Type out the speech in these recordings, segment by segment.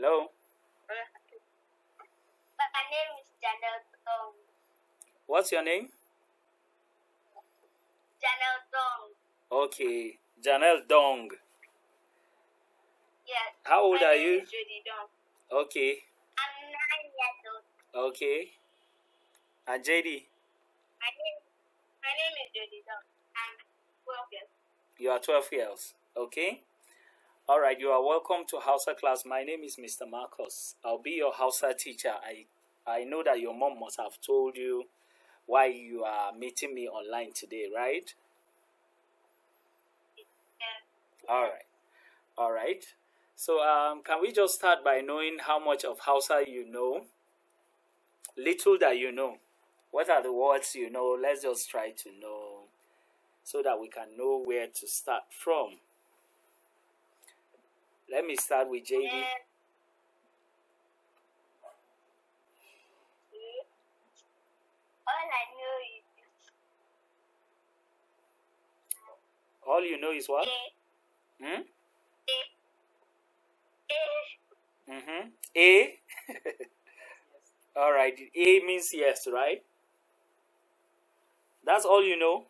Hello? My name is Janelle Dong. What's your name? Janelle Dong. Okay, Janelle Dong. Yes. How old are you? Dong. Okay. I'm nine years old. Okay. And JD? My name, my name is JD Dong. I'm 12 years. You are 12 years, okay? All right, you are welcome to Hausa class. My name is Mr. Marcos. I'll be your Hausa teacher. I, I know that your mom must have told you why you are meeting me online today, right? Yeah. All right. All right. So um, can we just start by knowing how much of Hausa you know? Little that you know. What are the words you know? Let's just try to know so that we can know where to start from. Let me start with JD. Yeah. All you know is what? A. Hmm? A. Mm-hmm. A? all right. A means yes, right? That's all you know?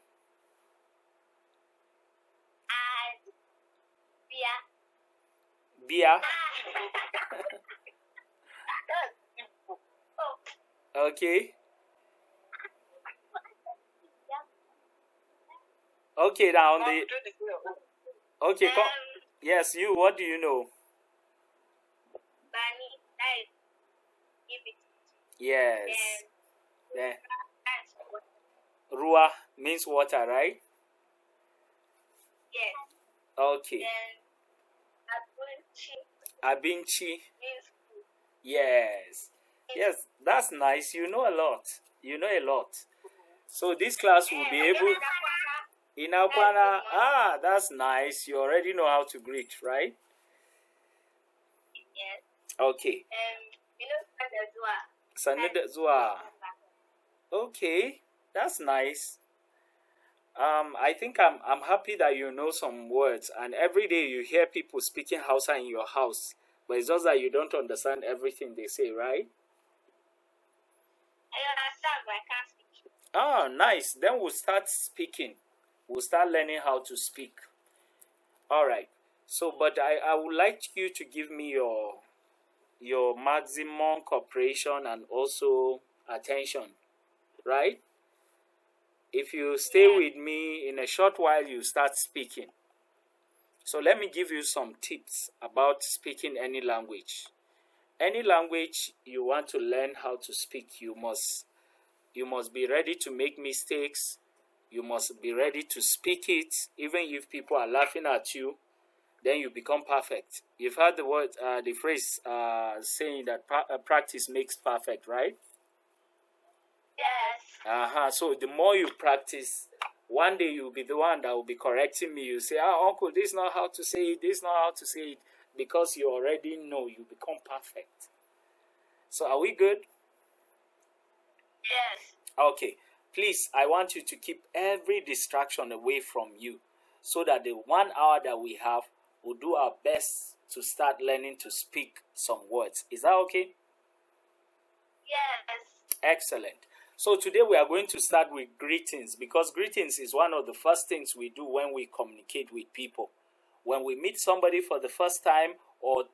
beer. okay. Okay, now on the. Okay, come. Yes, you. What do you know? Yes. Then, Rua means water, right? Yes. Okay. Then, Abinchi. Yes. Yes, that's nice. You know a lot. You know a lot. So this class will be able. In Akwana, ah, that's nice. You already know how to greet, right? Yes. Okay. Um, Okay, that's nice. Um, I think I'm I'm happy that you know some words, and every day you hear people speaking Hausa in your house, but it's just that you don't understand everything they say, right? I understand, but I can't speak. Ah, nice. Then we'll start speaking. We'll start learning how to speak. All right. So, but I I would like you to give me your your maximum cooperation and also attention, right? If you stay yeah. with me in a short while, you start speaking. So let me give you some tips about speaking any language. Any language you want to learn how to speak, you must you must be ready to make mistakes. You must be ready to speak it, even if people are laughing at you. Then you become perfect. You've heard the word, uh, the phrase uh, saying that pra uh, practice makes perfect, right? Yes. Uh-huh. So the more you practice, one day you'll be the one that will be correcting me. You say, "Ah, uncle, this is not how to say it. This is not how to say it," because you already know. You become perfect. So are we good? Yes. Okay. Please, I want you to keep every distraction away from you, so that the one hour that we have, we'll do our best to start learning to speak some words. Is that okay? Yes. Excellent. So today we are going to start with greetings because greetings is one of the first things we do when we communicate with people. When we meet somebody for the first time or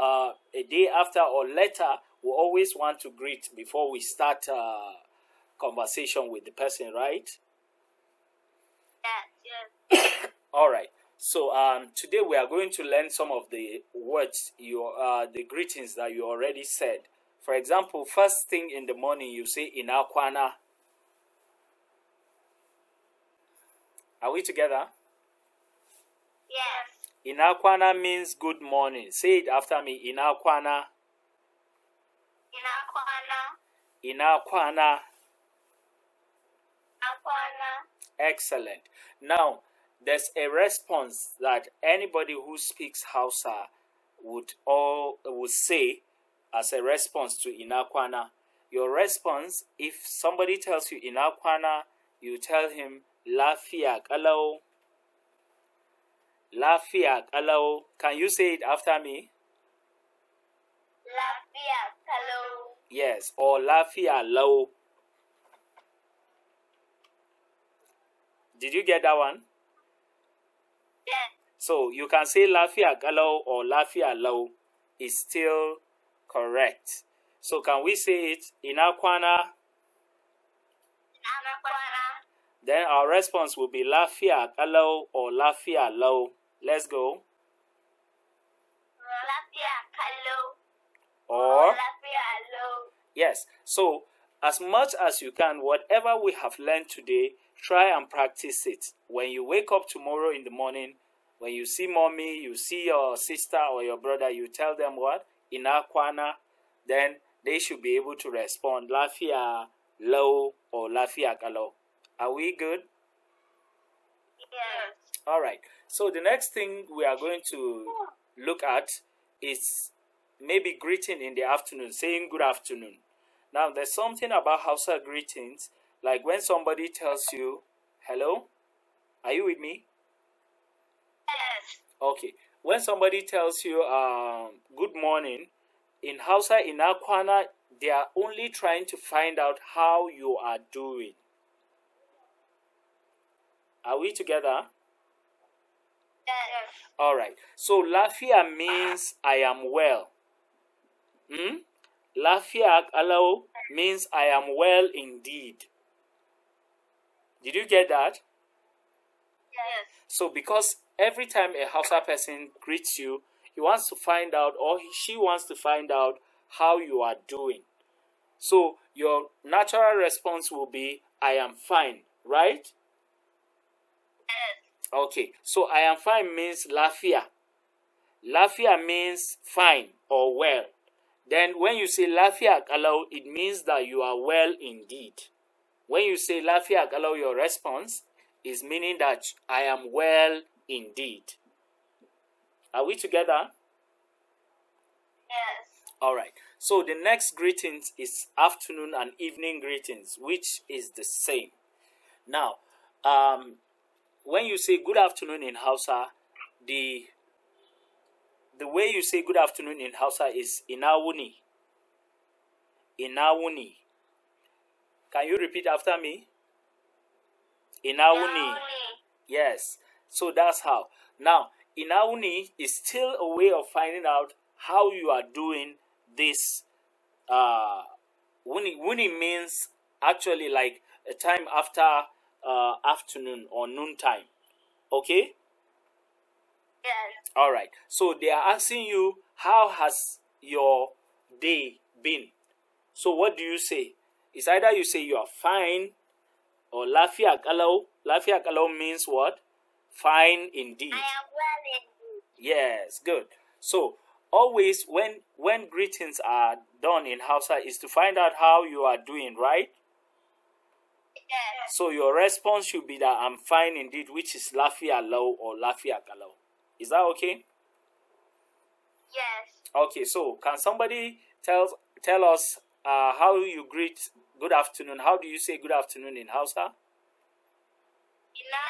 uh, a day after or later, we always want to greet before we start a uh, conversation with the person, right? Yes, yes. All right. So um, today we are going to learn some of the words, your uh, the greetings that you already said. For example, first thing in the morning, you say ina kwana. Are we together? Yes. Inakwana means good morning. Say it after me. Inakwana. Inakwana. Inakwana. Excellent. Now, there's a response that anybody who speaks Hausa would all would say as a response to inakwana. Your response, if somebody tells you inakwana, you tell him lafiya kalau. Lafiya kalau. Can you say it after me? Lafiya kalau. Yes, or lafiya lau. Did you get that one? Yes. So you can say lafiya kalau or lafiya lau. is still Correct. So can we say it in Aquana? Then our response will be Lafia hello or Lafia Low. Let's go. Lafia Kalau. Or, or Lafia Low. Yes. So as much as you can, whatever we have learned today, try and practice it. When you wake up tomorrow in the morning, when you see mommy, you see your sister or your brother, you tell them what? ina kwana, then they should be able to respond lafiya low or lafiya kalau. Are we good? Yes. All right. So the next thing we are going to look at is maybe greeting in the afternoon, saying good afternoon. Now there's something about Hausa greetings, like when somebody tells you, "Hello, are you with me?" Yes. Okay when somebody tells you um, good morning in Hausa in Akwana, they are only trying to find out how you are doing. Are we together? Yes. All right. So lafia means I am well. Hmm? Lafia alo means I am well indeed. Did you get that? Yes. So because every time a Hausa person greets you, he wants to find out or he, she wants to find out how you are doing. So your natural response will be, I am fine, right? Okay, so I am fine means lafia. Lafia means fine or well. Then when you say lafia kalau, it means that you are well indeed. When you say lafia kalau, your response is meaning that I am well indeed. Are we together? Yes. All right. So the next greetings is afternoon and evening greetings, which is the same. Now, um, when you say good afternoon in Hausa, the the way you say good afternoon in Hausa is inawuni. Inawuni. Can you repeat after me? Inawuni. Yes. So that's how. Now, Inauni is still a way of finding out how you are doing this. Uh, Wuni, means actually like a time after uh, afternoon or noon time. Okay? Yes. All right. So they are asking you, how has your day been? So what do you say? It's either you say you are fine or lafia kalau. Lafia kalau means what? Fine indeed. I am well indeed. Yes, good. So always when when greetings are done in Hausa is to find out how you are doing, right? Yes. So your response should be that I'm fine indeed, which is lafia low or lafia kalau. Is that okay? Yes. Okay, so can somebody tell tell us uh, how you greet good afternoon? How do you say good afternoon in Hausa? Ina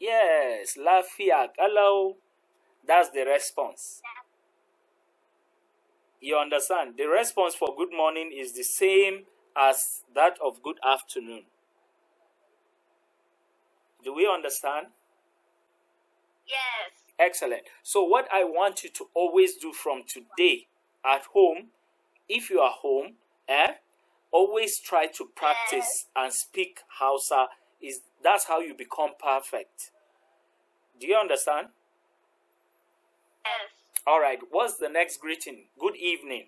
Yes, lafiak. Hello, That's the response. You understand? The response for good morning is the same as that of good afternoon. Do we understand? Yes. Excellent. So, what I want you to always do from today at home, if you are home, eh, always try to practice yes. and speak Hausa. Is that's how you become perfect. Do you understand? Yes. All right. What's the next greeting? Good evening.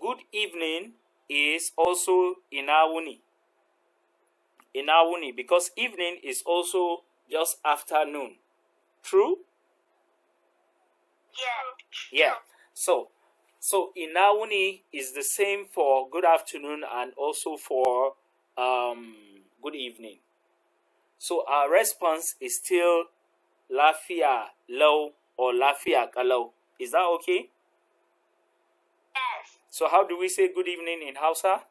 Good evening is also inawuni. Inawuni because evening is also just afternoon. True? Yeah. Yeah. So, so inawuni is the same for good afternoon and also for um, good evening. So our response is still lafia low or lafia kalau. Is that okay? Yes. So how do we say good evening in Hausa?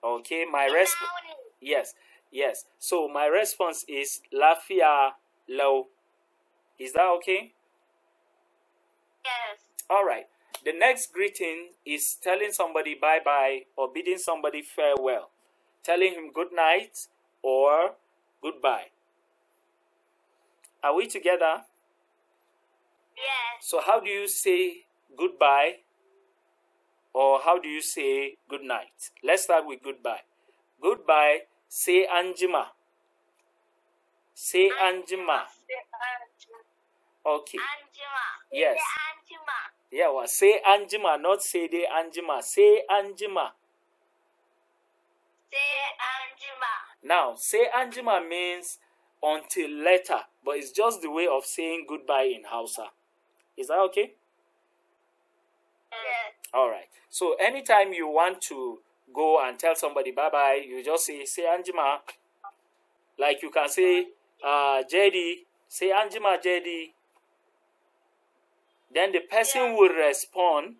Okay, my response. Yes, yes. So my response is lafia low. Is that okay? Yes. All right. The next greeting is telling somebody bye bye or bidding somebody farewell telling him good night or goodbye. Are we together? Yes. So how do you say goodbye or how do you say good night? Let's start with goodbye. Goodbye, say anjima. Say anjima. Okay. Anjima. Yes. Anjima. Yeah, well, say anjima, not say de anjima. Say anjima. Now, say Anjima means until later, but it's just the way of saying goodbye in Hausa. Is that okay? Yes. All right. So anytime you want to go and tell somebody bye bye, you just say say Anjima. Like you can say uh JD, say Anjima JD. Then the person yeah. will respond.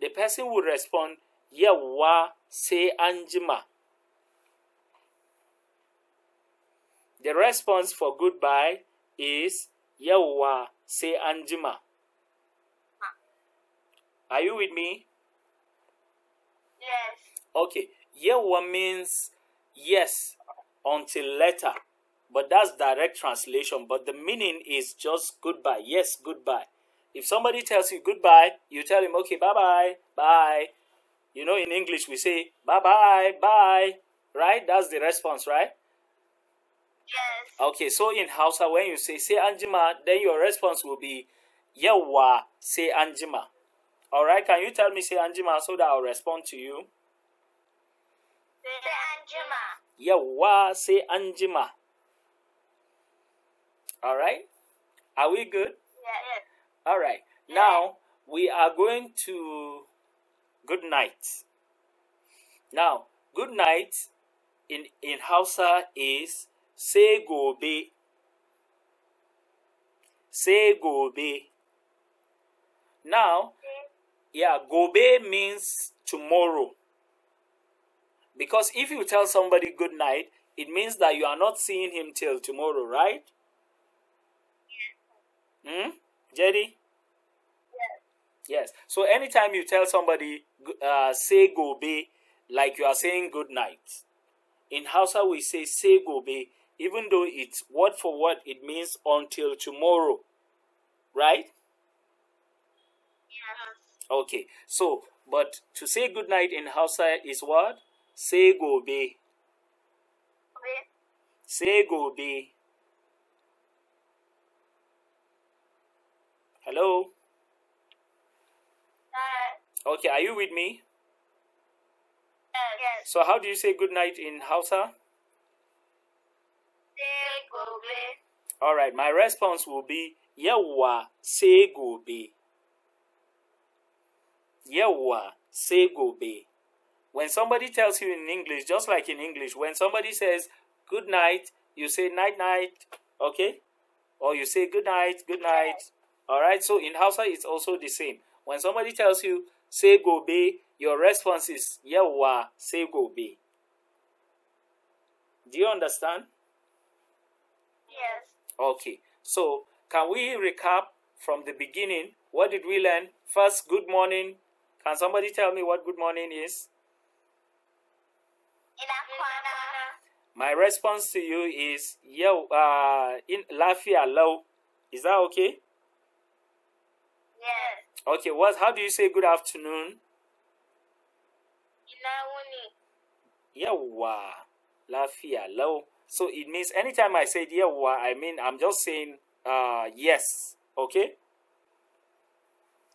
The person will respond, "Yeah wa say Anjima. The response for goodbye is Yawa say Anjima. Ah. Are you with me? Yes. Okay. Yewa means yes until later. But that's direct translation. But the meaning is just goodbye. Yes, goodbye. If somebody tells you goodbye, you tell him, okay, bye bye, bye. You know, in English, we say bye bye, bye. Right? That's the response, right? Yes. Okay, so in Hausa, when you say say Anjima, then your response will be Yawa, say Anjima. All right, can you tell me say Anjima so that I'll respond to you? Say Anjima. Yawa, say Anjima. All right, are we good? Yes. All right, now we are going to good night. Now, good night in in Hausa is sai gobe sai gobe now yeah gobe means tomorrow because if you tell somebody good night it means that you are not seeing him till tomorrow right hmm jerry Yes. So anytime you tell somebody, uh, say gobe, like you are saying good night. In Hausa, we say say gobe, even though it's word for word, it means until tomorrow, right? Yeah. Okay, so, but to say good night in Hausa is what? Say go be. Say go be. Hello? okay, are you with me? Yes. So how do you say good night in Hausa? All right, my response will be Yewa Segobe. Yewa Segobe. When somebody tells you in English, just like in English, when somebody says good night, you say night night, okay? Or you say good night, good night. All right, so in Hausa, it's also the same. When somebody tells you say gobe, your response is Yewa Segobe. Do you understand? Yes. Okay. So can we recap from the beginning? What did we learn? First, good morning. Can somebody tell me what good morning is? My response to you is yo uh in lafia low. Is that okay? Yes. Okay, what how do you say good afternoon? Ina Yeah. Yawa. Lafia low. So it means anytime I say "yeah," I mean I'm just saying uh, yes. Okay?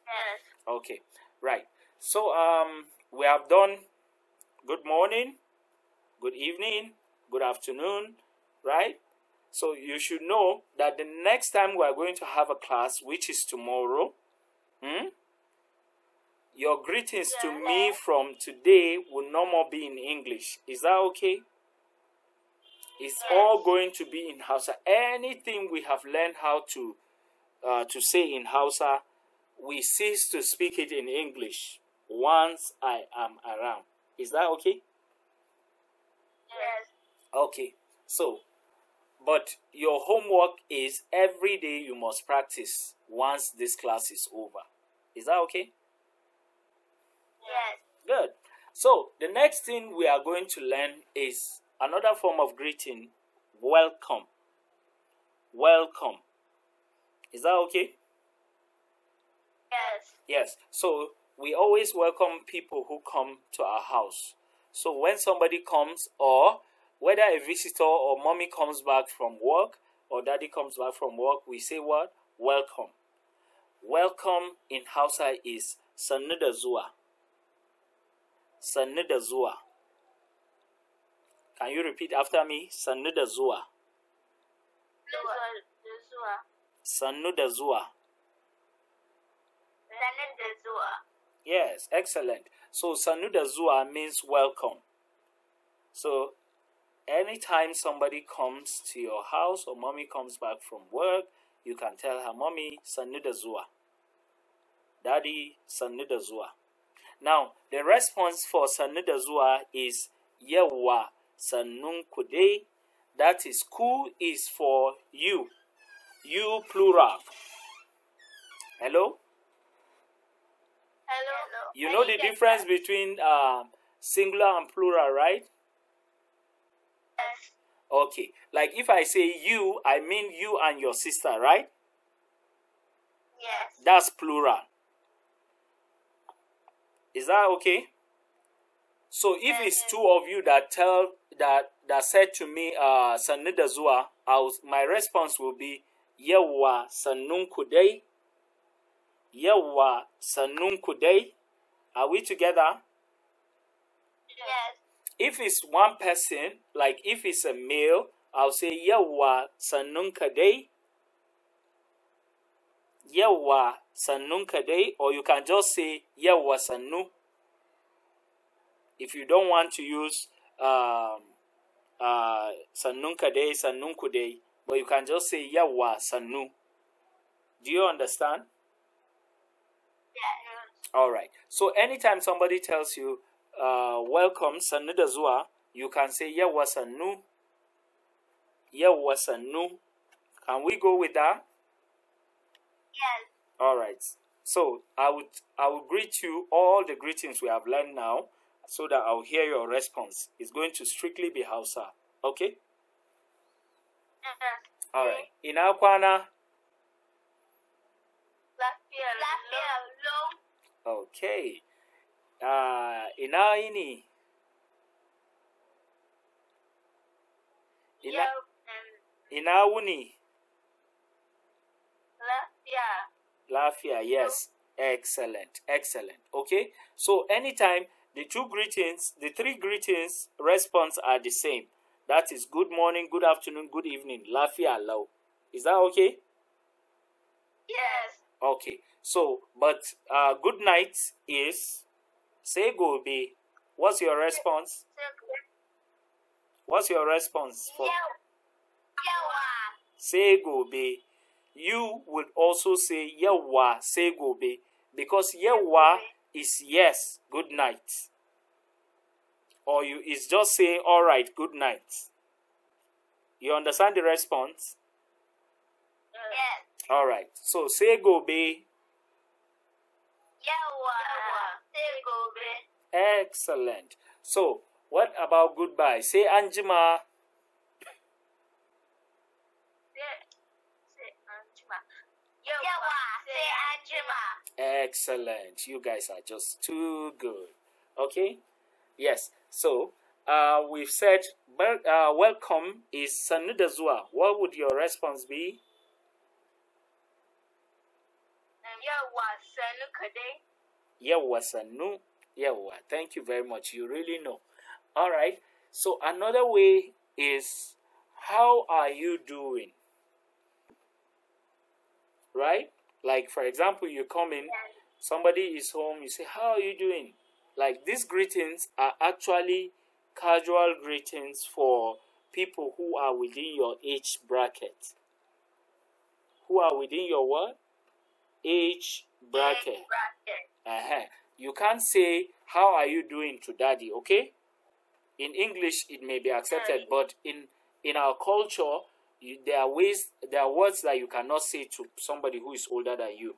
Yes. Okay. Right. So um, we have done good morning, good evening, good afternoon, right? So you should know that the next time we are going to have a class, which is tomorrow, hmm? your greetings to me from today will no more be in English. Is that okay? It's all going to be in Hausa. Anything we have learned how to uh, to say in Hausa, we cease to speak it in English once I am around. Is that okay? Yes. Okay. So, but your homework is every day you must practice once this class is over. Is that okay? Yes. Good. So, the next thing we are going to learn is Another form of greeting, welcome. Welcome. Is that okay? Yes. Yes. So we always welcome people who come to our house. So when somebody comes, or whether a visitor or mommy comes back from work or daddy comes back from work, we say what? Welcome. Welcome in Hausa is Sanudazua. Sanudazua. Can you repeat after me? Sanu da zuwa. Sanu da zua. Sanu da zua. Yes, excellent. So sanu da zuwa means welcome. So anytime somebody comes to your house or mommy comes back from work, you can tell her, Mommy, sanu da zuwa. Daddy, sanu da zuwa. Now, the response for sanu da zuwa is Yewa sanunkude, that is ku is for you, you plural. Hello? Hello? You know the difference between uh, singular and plural, right? Yes. Okay. Like if I say you, I mean you and your sister, right? Yes. That's plural. Is that okay? So if yes. it's two of you that tell that that said to me uh sannu da my response will be Yewa sannunku Yewa yawa are we together yes if it's one person like if it's a male i'll say Yewa sannunka Yewa yawa or you can just say Yewa Sanu. if you don't want to use um, uh, sannunka dai sannunku but you can just say yawa Sanu. do you understand yeah. all right so anytime somebody tells you uh, welcome sannu you can say yawa Sanu. yawa Sanu. can we go with that yes all right so i would i would greet you all the greetings we have learned now so that I'll hear your response. It's going to strictly be Hausa. Okay? Uh-huh. All right. Ina kwana? Okay. Uh, ina ini? Ina, ina wuni? Lafia. Lafia, yes. Excellent. Excellent. Okay. So anytime the two greetings, the three greetings response are the same. That is good morning, good afternoon, good evening. Lafia low. Is that okay? Yes. Okay. So, but uh, good night is say gobe. What's your response? What's your response for? Say gobe. You would also say yawa, say gobe, because yawa is yes, good night. Or you is just saying all right, good night. You understand the response? Yes. All right. So say go be. Excellent. So what about goodbye? Say Anjima. Say Anjima. Yawa, say Anjima. Excellent. You guys are just too good. Okay? Yes. So, uh, we've said, uh, welcome is sanudazua. What would your response be? Yawa sanu. Yawa. Thank you very much. You really know. All right. So, another way is, how are you doing? Right? Like, for example, you come in, somebody is home, you say, How are you doing? Like, these greetings are actually casual greetings for people who are within your age bracket. Who are within your what? Age bracket. Uh-huh. You can't say, How are you doing to daddy? Okay? In English, it may be accepted, but in, in our culture, you, there are ways there are words that you cannot say to somebody who is older than you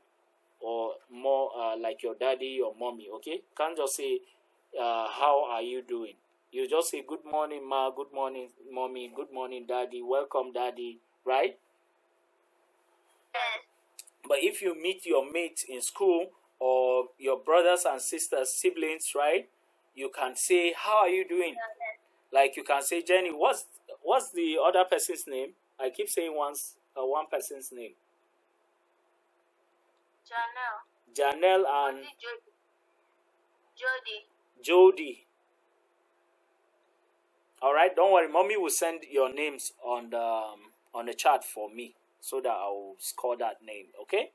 or more uh, like your daddy or mommy okay can't just say uh, how are you doing you just say good morning ma good morning mommy good morning daddy welcome daddy right but if you meet your mates in school or your brothers and sisters siblings right you can say how are you doing like you can say jenny what's what's the other person's name I keep saying once uh, one person's name. Janelle. Janelle and Jody. Jody. All right, don't worry. Mommy will send your names on the um, on the chat for me so that I will score that name. Okay.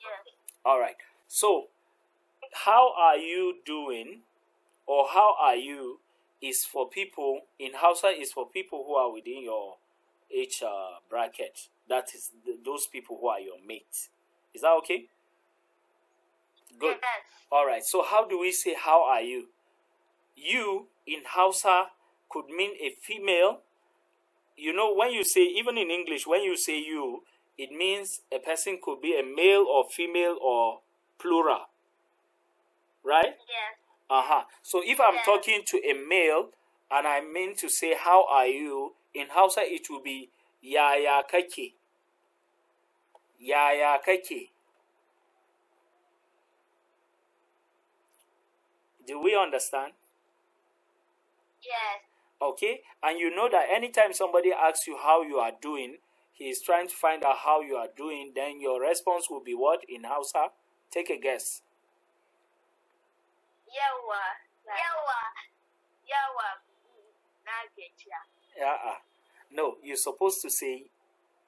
Yes. All right. So, how are you doing, or how are you is for people in Hausa is for people who are within your age uh, bracket. That is th- those people who are your mates. Is that okay? Good. Yes. All right. So how do we say how are you? You in Hausa could mean a female. You know when you say even in English when you say you it means a person could be a male or female or plural. Right? Yes. Uh-huh. So if I'm yeah. talking to a male and I mean to say how are you in Hausa, it will be yaya kaki, Yaya kaki. Do we understand? Yes. Okay. And you know that anytime somebody asks you how you are doing, he is trying to find out how you are doing, then your response will be what in Hausa? Take a guess yawa yawa yawa na gajiya ah. no you're supposed to say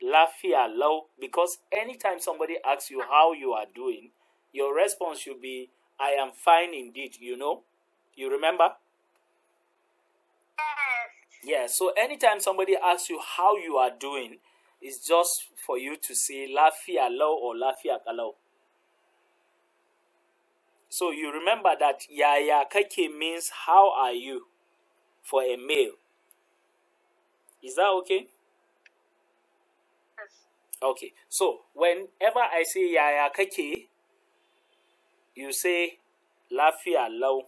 lafia low because anytime somebody asks you how you are doing your response should be i am fine indeed you know you remember yes yeah so anytime somebody asks you how you are doing it's just for you to say lafia low or lafia kalau so you remember that yaya kake means how are you for a male. Is that okay? Yes. Okay. So whenever I say yaya kake, you say lafia low.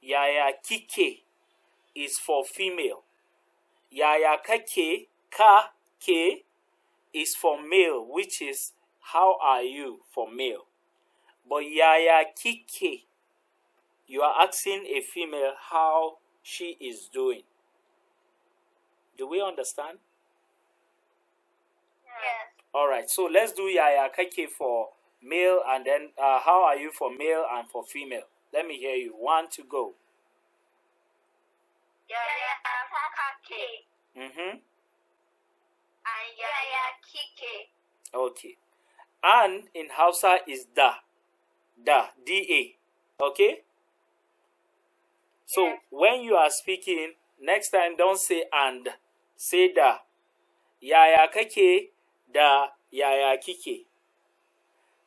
Yaya kike is for female. Yaya kake ka ke is for male, which is how are you for male. But Yaya Kike, you are asking a female how she is doing. Do we understand? Yes. All right, so let's do Yaya Kike for male and then uh, how are you for male and for female? Let me hear you. One to go. Yaya Kike. Mm-hmm. And Yaya Kike. Okay. And in Hausa is da da da okay so yeah. when you are speaking next time don't say and say da yaya kake da yaya kike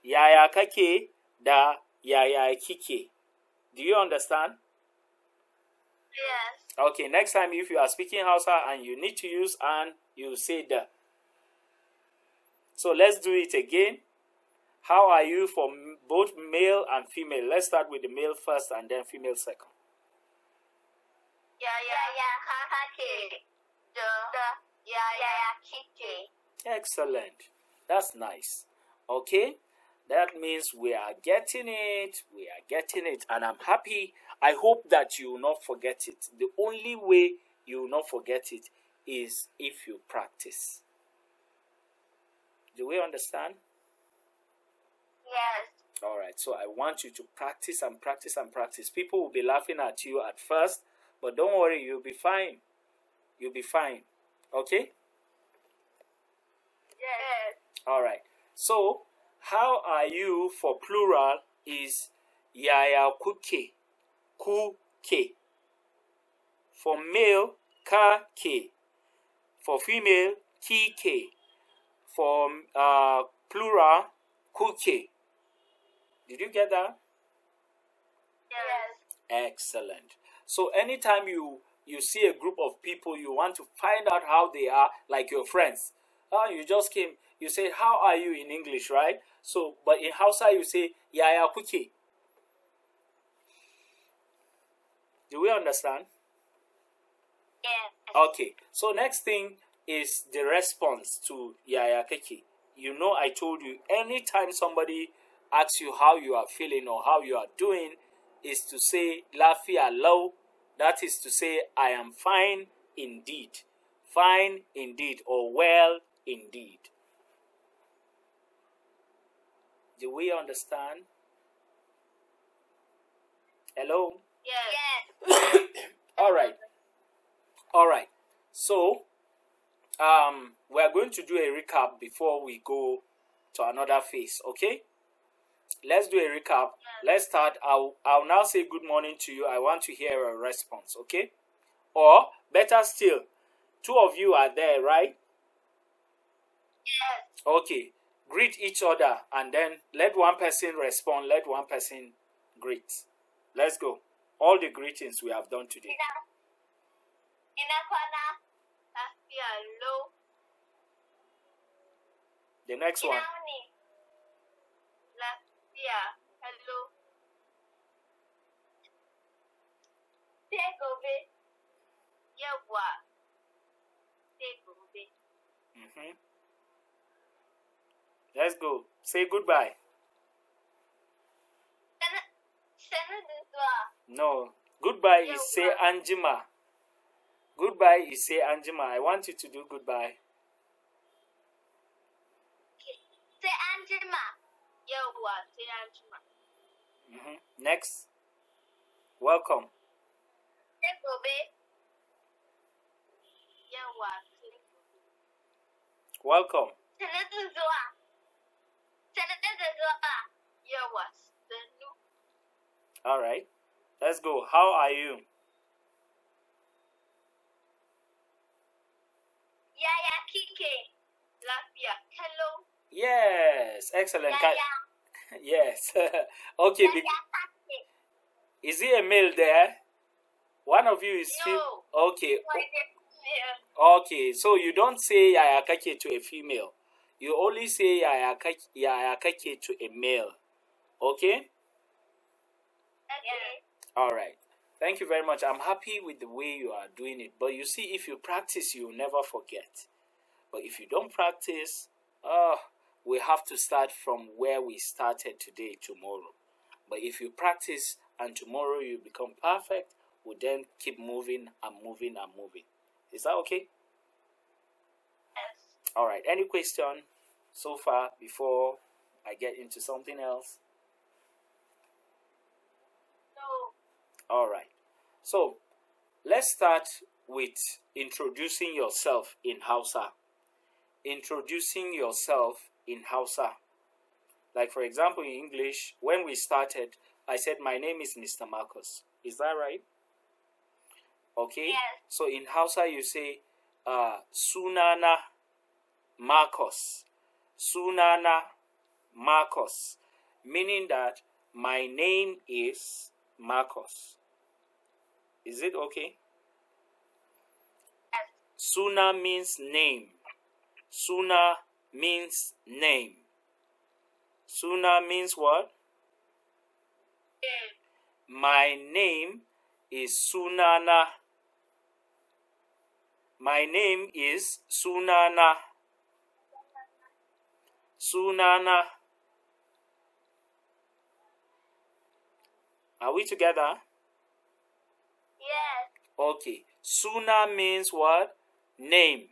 yaya kake da yaya kike do you understand yes okay next time if you are speaking hausa and you need to use and you say da so let's do it again how are you for both male and female. Let's start with the male first and then female second. Excellent. That's nice. Okay? That means we are getting it. We are getting it. And I'm happy. I hope that you will not forget it. The only way you will not forget it is if you practice. Do we understand? Yes. All right. So I want you to practice and practice and practice. People will be laughing at you at first, but don't worry, you'll be fine. You'll be fine. Okay? Yes. All right. So, how are you for plural is yaya kuke. Kuke. For male, ka ke. For female, kike. For uh, plural, kuke. Did you get that? Yes. Excellent. So anytime you you see a group of people, you want to find out how they are, like your friends. Uh, you just came, you say, How are you in English, right? So, but in Hausa, you say, Yaya kuki." Do we understand? Yeah. Okay. So next thing is the response to Yaya kuki." You know, I told you anytime somebody Ask you how you are feeling or how you are doing is to say lafia low. That is to say I am fine indeed. Fine indeed or well indeed. Do we understand? Hello? Yes. yes. All right. All right. So, um, we are going to do a recap before we go to another phase, okay? let's do a recap. Let's start. I'll, I'll now say good morning to you. I want to hear a response, okay? Or better still, two of you are there, right? Okay. Greet each other and then let one person respond, let one person greet. Let's go. All the greetings we have done today. The next one. Yeah, hello. Take over. Yeah, what? Take over. Mm-hmm. Let's go. Say goodbye. No. Goodbye is say Anjima. Goodbye is say Anjima. I want you to do goodbye. Say Anjima. Yauwa, sai Next. Welcome. Sai gobe. Yauwa, Welcome. All right. Let's go. How are you? Yaya kike? Lafia. Hello. Yes, excellent. Yeah, yeah. yes. okay. Yeah, yeah. Is it a male there? One of you is no. Okay. okay, so you don't say yayakake to a female. You only say yayakake, yayakake to a male. Okay? Okay. All right. Thank you very much. I'm happy with the way you are doing it. But you see, if you practice, you'll never forget. But if you don't practice, oh, we have to start from where we started today, tomorrow. But if you practice and tomorrow you become perfect, we then keep moving and moving and moving. Is that okay? Yes. All right. Any question so far before I get into something else? No. All right. So let's start with introducing yourself in Hausa. Introducing yourself in Hausa. Like, for example, in English, when we started, I said, My name is Mr. Marcus. Is that right? Okay. Yes. So in Hausa, you say, uh, Sunana Marcus," Sunana Marcus, Meaning that my name is Marcus. Is it okay? Yes. Suna means name. Suna means name. Suna means what? My name is Sunana. My name is Sunana. Sunana. Are we together? Yes. Okay. Suna means what? Name.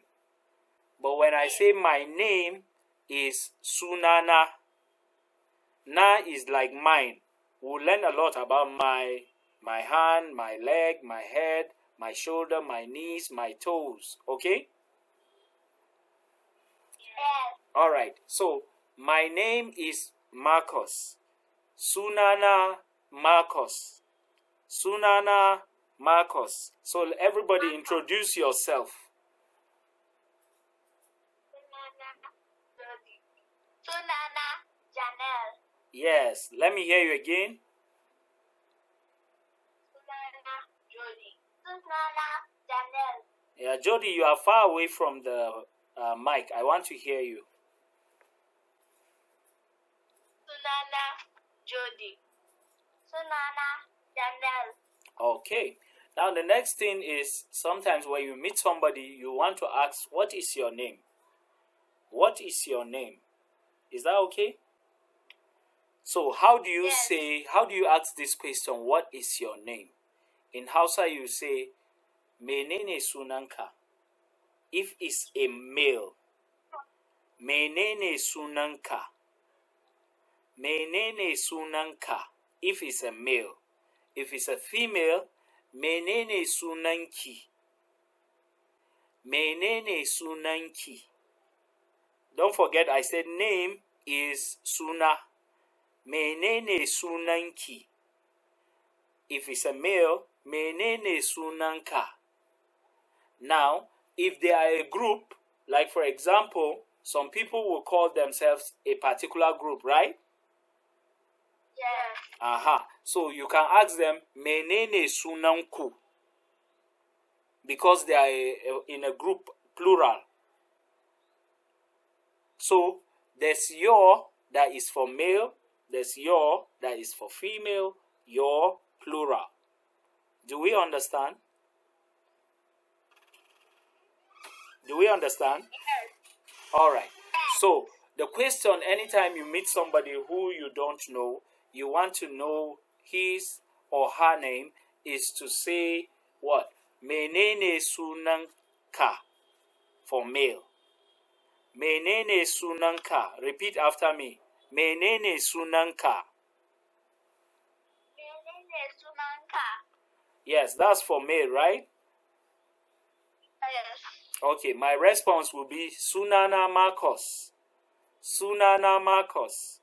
But when I say my name is Sunana, Na is like mine. We'll learn a lot about my my hand, my leg, my head, my shoulder, my knees, my toes. Okay? Yeah. All right. So, my name is Marcos. Sunana Marcos. Sunana Marcos. So, everybody introduce yourself. Sunana Janel. Yes, let me hear you again. Sunana Jody. Sunana Janel. Yeah, Jody, you are far away from the uh, mic. I want to hear you. Sunana Jody. Sunana Janel. Okay. Now, the next thing is sometimes when you meet somebody, you want to ask, What is your name? What is your name? Is that okay? So how do you yes. say how do you ask this question? What is your name? In Hausa you say menene sunanka. If it's a male, menene sunanka. Menene sunanka. If it's a male. If it's a female, menene sunanki. Menene sunanki. Don't forget I said name is suna. Menene sunanki? If it's a male, menene sunanka? Now, if they are a group, like for example, some people will call themselves a particular group, right? Yeah. Aha. So you can ask them, menene sunanku? Because they are a, a, in a group, plural. So there's your that is for male, there's your that is for female, your plural. Do we understand? Do we understand? Yes. All right. So the question anytime you meet somebody who you don't know, you want to know his or her name is to say what? Menene sunanka for male. Menene sunanka? Repeat after me. Menene sunanka? Menene sunanka? Yes, that's for me, right? Yes. Okay, my response will be Sunana Marcos. Sunana Marcos.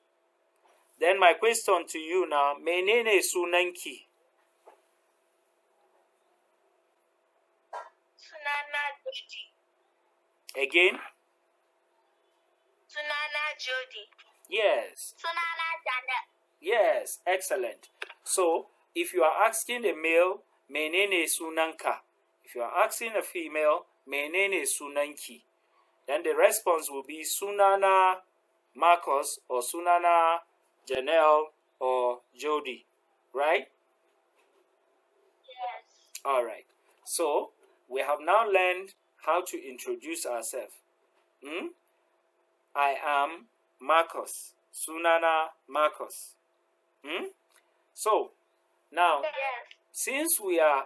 Then my question to you now, menene sunanki? Sunana Again? Sunana Jody. Yes. Sunana Yes, excellent. So, if you are asking a male, menene sunanka? If you are asking a female, menene sunanki? Then the response will be Sunana Marcos or Sunana Janelle or Jody, right? Yes. All right. So, we have now learned how to introduce ourselves. Hmm? I am Marcus. Sunana Marcus. Hmm? So now yes. since we are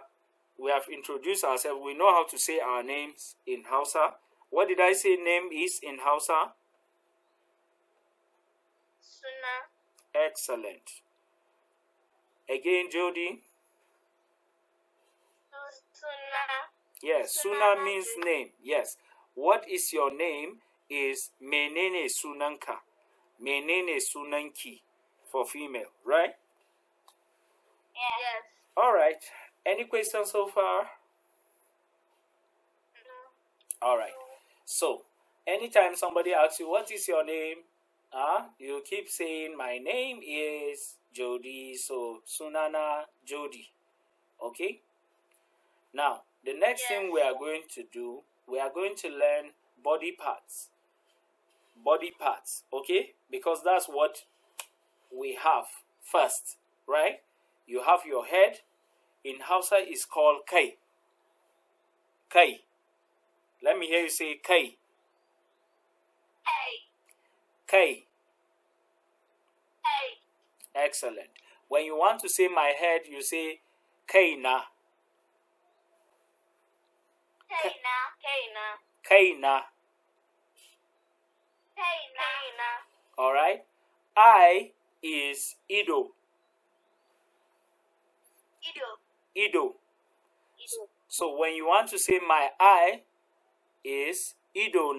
we have introduced ourselves, we know how to say our names in Hausa. What did I say name is in Hausa? Suna. Excellent. Again, Jody. Suna. Yes, Suna, Suna means name. Yes. What is your name? is menene sunanka, menene sunanki for female, right? Yes. All right. Any questions so far? No. All right. So, anytime somebody asks you, what is your name? Uh, you keep saying, my name is Jody. So, Sunana Jody. Okay? Now, the next yes. thing we are going to do, we are going to learn body parts body parts okay because that's what we have first right you have your head in hausa is called kai kai let me hear you say kai kai excellent when you want to say my head you say kaina kaina kaina kaina all right. I is Ido. Ido. Ido. Ido. So when you want to say my I is na. Ido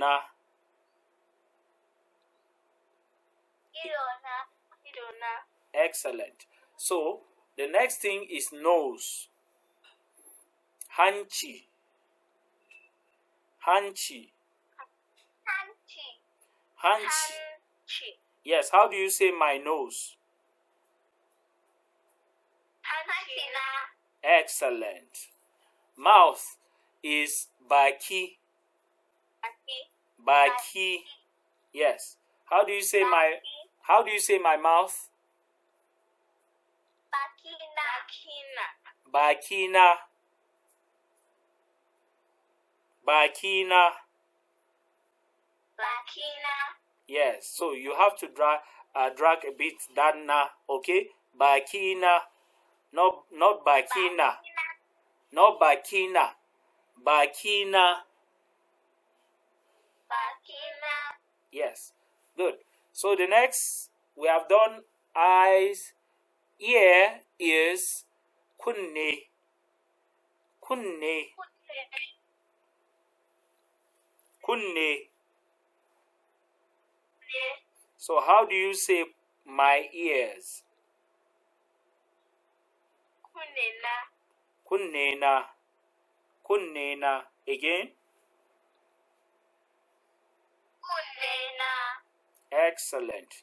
Idona. Excellent. So the next thing is nose. Hanchi. Hanchi. Hanchi. Yes, how do you say my nose? Excellent. Mouth is baki. Baki. Yes. How do you say my how do you say my mouth? Bakina. Bakina. Bakina. Bakina. Yes, so you have to drag uh, drag a bit that na, okay? Bakina, not not bakina, not bakina, bakina. Bakina. Yes, good. So the next we have done eyes, ear, ears, kunne, kunne, kunne. So how do you say my ears? Kunena, Kunena, Kunena. Again? Kunena. Excellent.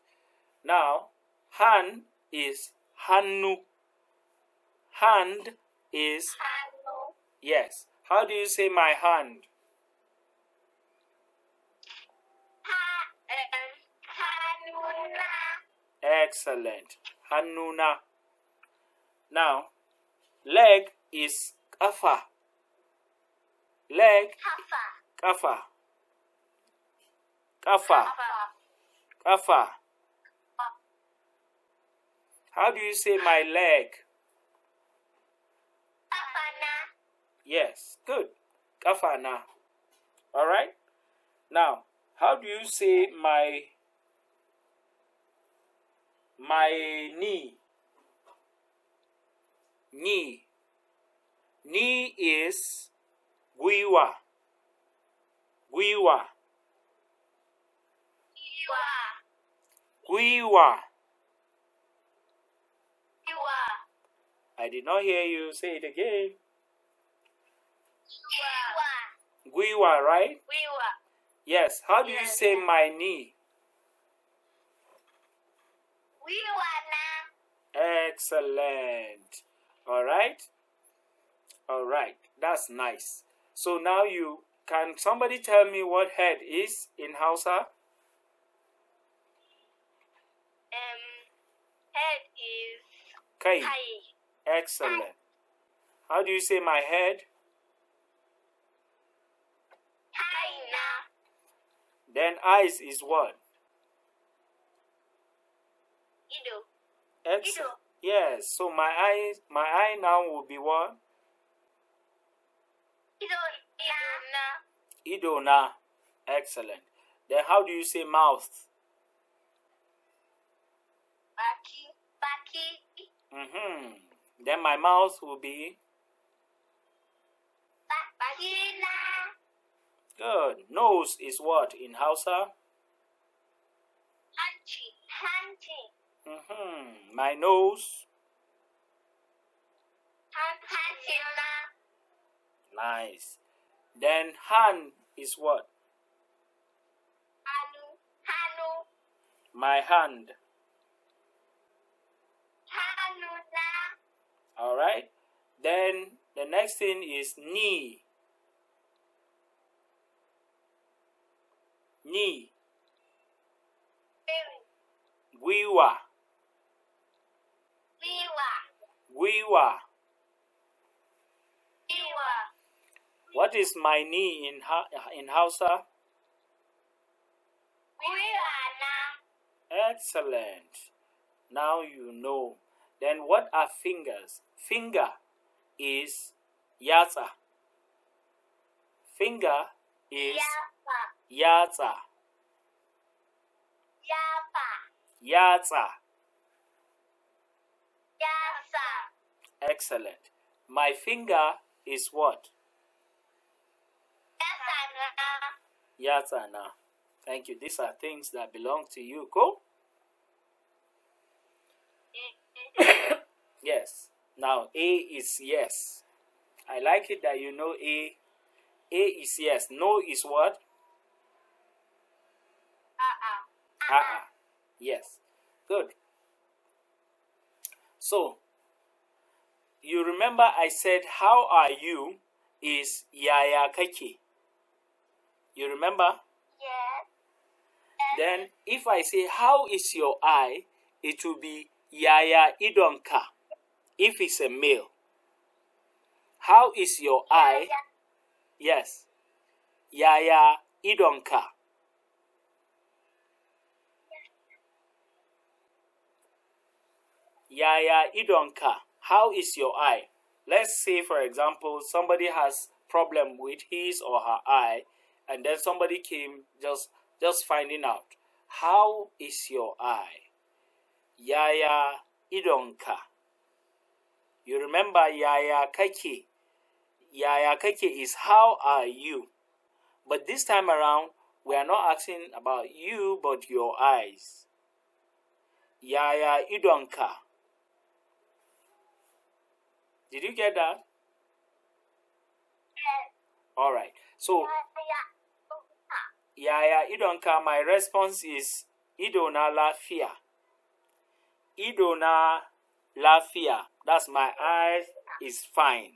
Now, hand is hannu. Hand is... Hannu. Yes. How do you say my hand? Excellent. Hanuna. Now, leg is kafa. Leg. Kafa. Kafa. Kafa. How do you say my leg? Kafana. Yes, good. Kafana. All right. Now, how do you say my my knee. Knee. Knee is guiwa. Guiwa. Guiwa. I did not hear you say it again. Guiwa, right? Guiwa. Yes. How do yes. you say my knee? Excellent. All right. All right. That's nice. So now you can somebody tell me what head is in Hausa? Um, head is kai. Excellent. How do you say my head? Then eyes is what? Ido. X. Ido. Yes. So my eye, my eye now will be what? Idona. Idona. Excellent. Then how do you say mouth? Baki. Baki. Mm-hmm. Then my mouth will be. Good. Nose is what in Hausa? Hanchi. Hanchi. Mm-hmm. My nose. Nice. Then hand is what? My hand. All right. Then the next thing is knee. Knee. Wiwa. Viva. Viva. Viva. What is my knee in ha in Hausa? Viva. Excellent. Now you know. Then what are fingers? Finger is yata. Finger is yata. Yapa. Yata. Yes, sir. Excellent. My finger is what? Yes, sir. Yes, sir. Thank you. These are things that belong to you. Go. yes. Now, A is yes. I like it that you know A. A is yes. No is what? Uh-uh. Uh-uh. uh-uh. Yes. Good. So, you remember I said, How are you? is Yaya Kake. You remember? Yes. Then, if I say, How is your eye? it will be Yaya Idonka if it's a male. How is your eye? Yes. Yaya Idonka. Yaya idonka, how is your eye? Let's say, for example, somebody has problem with his or her eye, and then somebody came just just finding out how is your eye. Yaya idonka. You remember yaya kake. Yaya kake is how are you? But this time around, we are not asking about you, but your eyes. Yaya idonka. Did you get that? Yes. All right. So, yeah, yeah, Idonka, my response is Idona Lafia. Idona Lafia. That's my eyes is fine.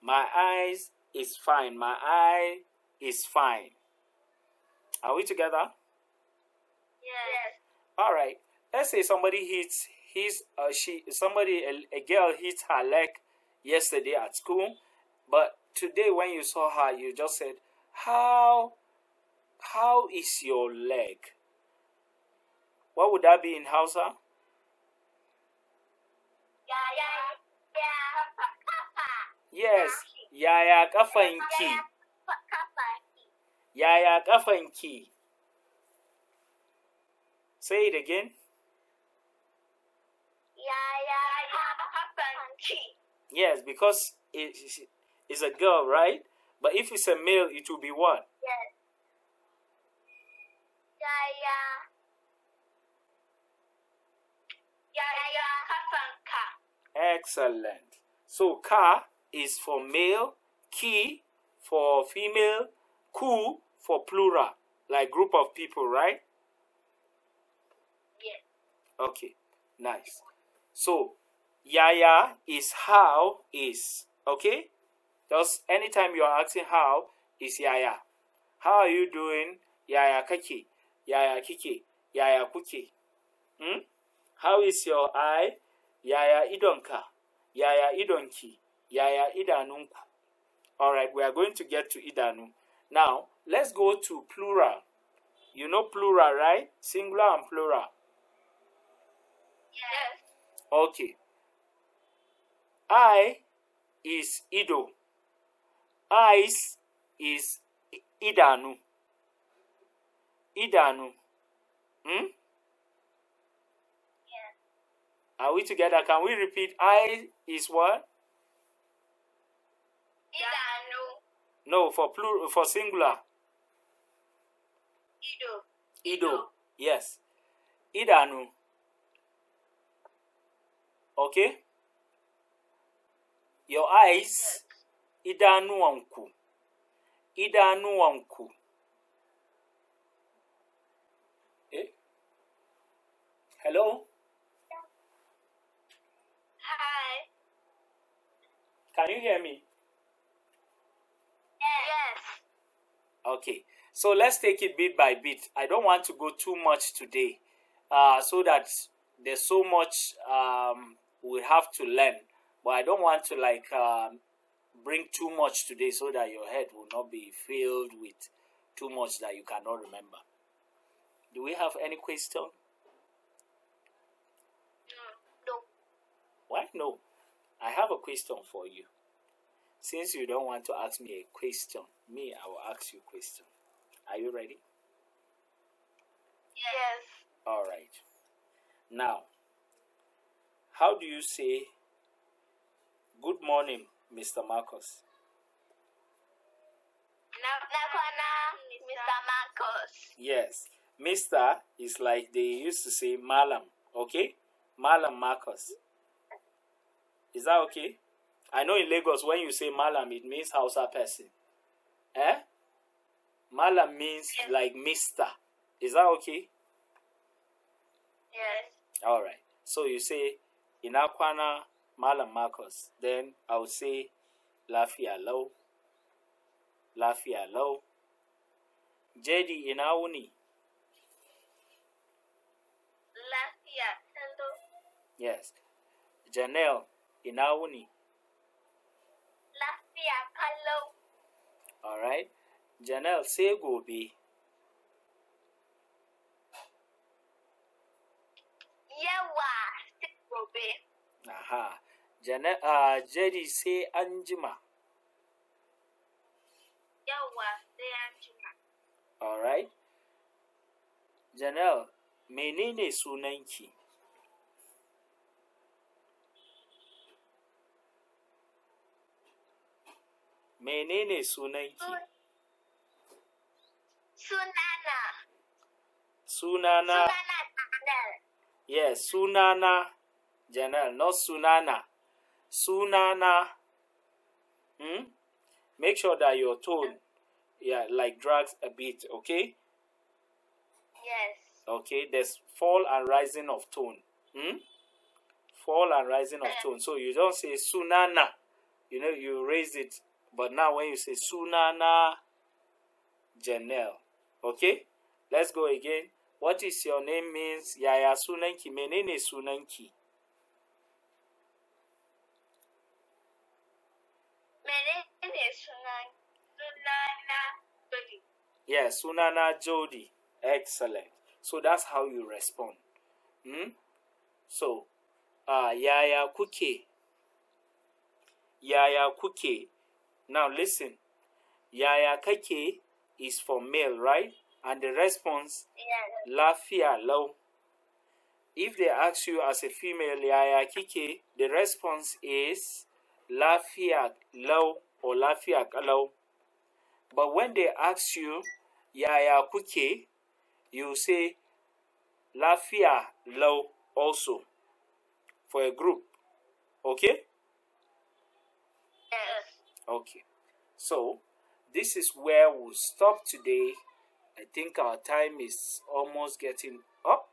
My eyes is fine. My eye is fine. Are we together? Yes. All right. Let's say somebody hits his uh, she somebody a, a girl hits her leg yesterday at school, but today when you saw her, you just said, "How, how is your leg?" What would that be in Hausa? Yes, yaya kafanki. Yaya ki. Say it again. Yaya ki. Yes, because it is a girl, right? But if it's a male, it will be what? Yes. Yaya. Yaya Kasanka. Excellent. So ka is for male, ki for female, ku for plural, like group of people, right? Yes. Okay. Nice. So Yaya is how is. Okay? Just anytime you are asking how is yaya. How are you doing? Yaya kake. Yaya kike. Yaya kuke. Hmm? How is your eye? Yaya idonka. Yaya idonki. Yaya idanunku. All right, we are going to get to idanu. Now, let's go to plural. You know plural, right? Singular and plural. Yes. Okay. I is Ido. Ice is Idanu. Idanu. Hmm? Yeah. Are we together? Can we repeat? I is what? Idanu. No, for plural, for singular. Ido. Ido. Ido. Yes. Idanu. Okay? your eyes idanuanku idanuanku eh? hello hi can you hear me yes okay so let's take it bit by bit i don't want to go too much today uh, so that there's so much um, we have to learn but I don't want to like um, bring too much today so that your head will not be filled with too much that you cannot remember. Do we have any question? No. Why no? I have a question for you. Since you don't want to ask me a question, me I will ask you a question. Are you ready? Yes. All right. Now, how do you say Good morning, Mr. Marcos. Mr. Marcos. Yes. Mr. is like they used to say Malam, okay? Malam Marcos. Is that okay? I know in Lagos when you say Malam, it means Hausa person. Eh? Malam means yes. like Mr. Is that okay? Yes. All right. So you say Inakwana Malam Marcus. Then I will say Lafia Low. Lafia Low. JD Inauni. Lafia Hello. Yes. Janelle Inauni. Lafia Hello. All right. Janelle, say gobe. Yawa, say gobe. Aha. Uh, Jerry sai an jima. Yawwa sai an jima. Alright. Janelle, menene sunanki? Menene sunanki? Sunana. Sunana. Sunana Janelle. Yes, Sunana Janelle, not Sunana. Sunana. Hmm? Make sure that your tone, yeah, like drags a bit, okay? Yes. Okay, there's fall and rising of tone. Hmm? Fall and rising of tone. So you don't say Sunana. You know, you raise it. But now when you say Sunana Janelle, okay? Let's go again. What is your name means Yaya Sunanki. Menene Sunanki? Yes, sunana Jody. Excellent. So that's how you respond. Hmm? So, uh, yaya kuke? Yaya kuke? Now listen. Yaya kake is for male, right? And the response, yeah. lafia low. If they ask you as a female, yaya kike, the response is lafiya lau or lafiya kalau. But when they ask you, yaya kuke, you say lafiya lau also for a group. Okay? Okay. So, this is where we'll stop today. I think our time is almost getting up.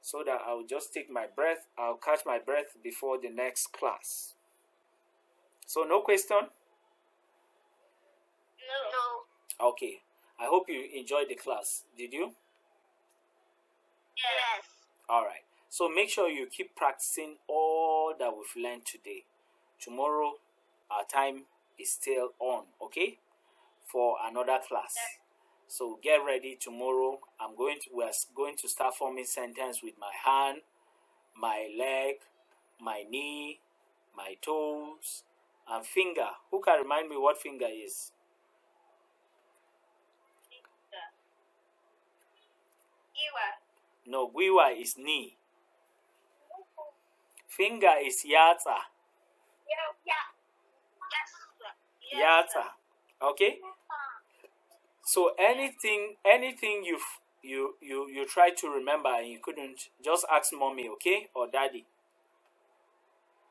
So that I'll just take my breath. I'll catch my breath before the next class. So no question? No. Okay. I hope you enjoyed the class. Did you? Yes. All right. So make sure you keep practicing all that we've learned today. Tomorrow, our time is still on, okay? For another class. Yes. So get ready tomorrow. I'm going to we're going to start forming sentence with my hand, my leg, my knee, my toes, and finger. Who can remind me what finger is? No, guiwa is knee. Finger is yata. Yata. Okay? So anything anything you you you you try to remember and you couldn't, just ask mommy, okay? Or daddy.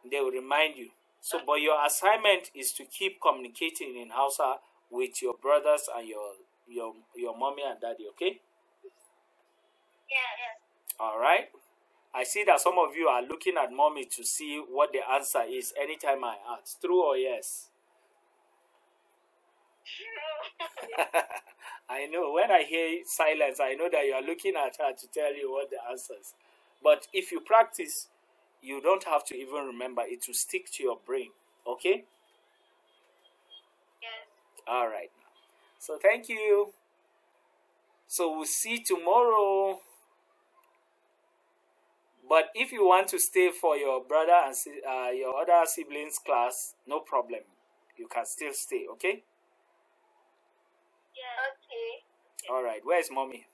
They will remind you. So, but your assignment is to keep communicating in Hausa with your brothers and your your your mommy and daddy. Okay? Yeah. yes. All right. I see that some of you are looking at mommy to see what the answer is anytime I ask. True or yes? I know. When I hear silence, I know that you are looking at her to tell you what the answer is. But if you practice, you don't have to even remember it will stick to your brain okay yes. all right so thank you so we'll see tomorrow but if you want to stay for your brother and uh, your other siblings class no problem you can still stay okay yeah okay all right where's mommy